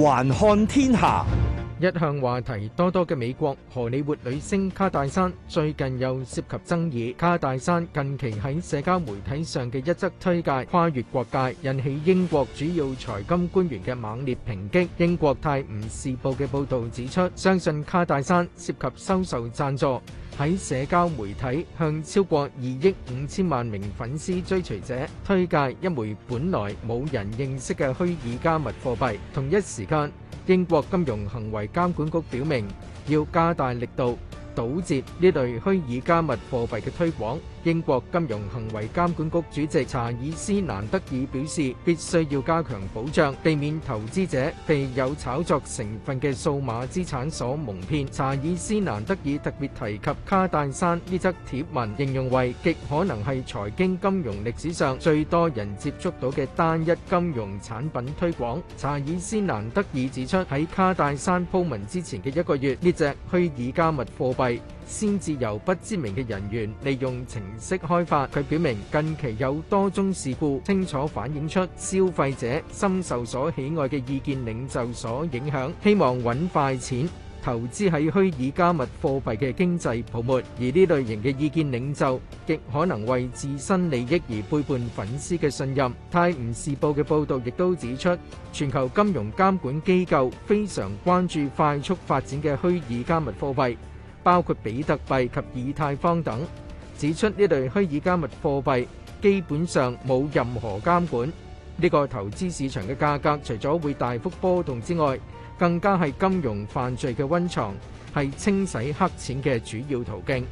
環看天下。一向話題多多嘅美國，荷里活女星卡戴珊最近又涉及爭議。卡戴珊近期喺社交媒體上嘅一則推介，跨越國界，引起英國主要財金官員嘅猛烈抨擊。英國泰晤士報嘅報道指出，相信卡戴珊涉及收受贊助。喺社交媒體向超過二億五千萬名粉絲追隨者推介一枚本來冇人認識嘅虛擬加密貨幣。同一時間，英國金融行為監管局表明要加大力度，堵截呢類虛擬加密貨幣嘅推廣，英國金融行為監管局主席查爾斯·蘭德爾表示，必須要加強保障，避免投資者被有炒作成分嘅數碼資產所蒙騙。查爾斯·蘭德爾特別提及卡戴珊呢則貼文，形容為極可能係財經金融歷史上最多人接觸到嘅單一金融產品推廣。查爾斯·蘭德爾指出，喺卡戴珊鋪文之前嘅一個月，呢隻虛擬加密貨幣。先至由不知名嘅人員利用程式開發。佢表明近期有多宗事故，清楚反映出消費者深受所喜愛嘅意見領袖所影響，希望揾快錢投資喺虛擬加密貨幣嘅經濟泡沫，而呢類型嘅意見領袖極可能為自身利益而背叛粉絲嘅信任。泰晤士報嘅報道亦都指出，全球金融監管機構非常關注快速發展嘅虛擬加密貨幣。包括比特幣及以太坊等，指出呢類虛擬加密貨幣基本上冇任何監管，呢個投資市場嘅價格除咗會大幅波動之外，更加係金融犯罪嘅溫床，係清洗黑錢嘅主要途徑。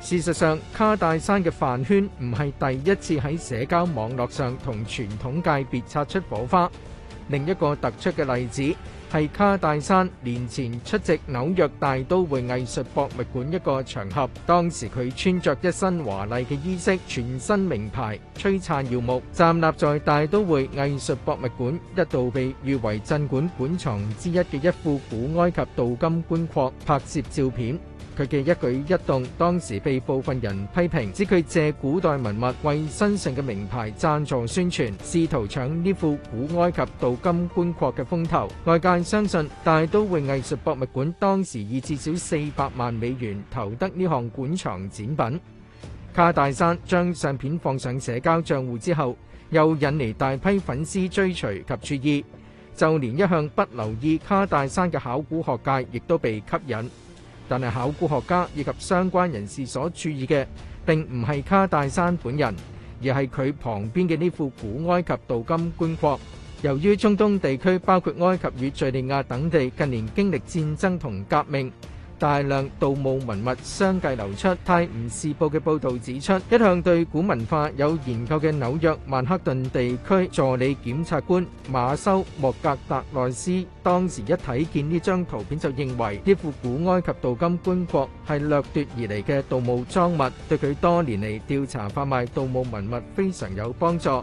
事實上，卡戴珊嘅飯圈唔係第一次喺社交網絡上同傳統界別擦出火花。另一個突出嘅例子係卡戴珊年前出席紐約大都會藝術博物館一個場合，當時佢穿着一身華麗嘅衣飾，全身名牌璀璨耀目，站立在大都會藝術博物館一度被譽為鎮館館藏之一嘅一副古埃及鍍金棺槨拍攝照片。佢嘅一舉一動，當時被部分人批評，指佢借古代文物為新成嘅名牌贊助宣傳，試圖搶呢副古埃及鍍金棺椁嘅風頭。外界相信大都會藝術博物館當時以至少四百萬美元投得呢項館藏展品。卡戴珊將相片放上社交賬戶之後，又引嚟大批粉絲追隨及注意，就連一向不留意卡戴珊嘅考古學界，亦都被吸引。但係考古學家以及相關人士所注意嘅，並唔係卡戴珊本人，而係佢旁邊嘅呢副古埃及鍍金棺槨。由於中東地區包括埃及與敍利亞等地近年經歷戰爭同革命。大量盜墓文物相繼流出，《泰晤士報》嘅報道指出，一向對古文化有研究嘅紐約曼克頓地區助理檢察官馬修莫格達內斯，當時一睇見呢張圖片就認為呢副古埃及鍍金棺槨係掠奪而嚟嘅盜墓贓物，對佢多年嚟調查販賣盜墓文物非常有幫助。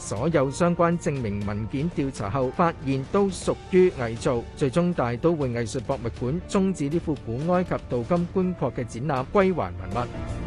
所有相關證明文件調查後，發現都屬於偽造，最終大都會藝術博物館終止呢副古埃及鍍金棺槨嘅展覽，歸文文，歸還文物。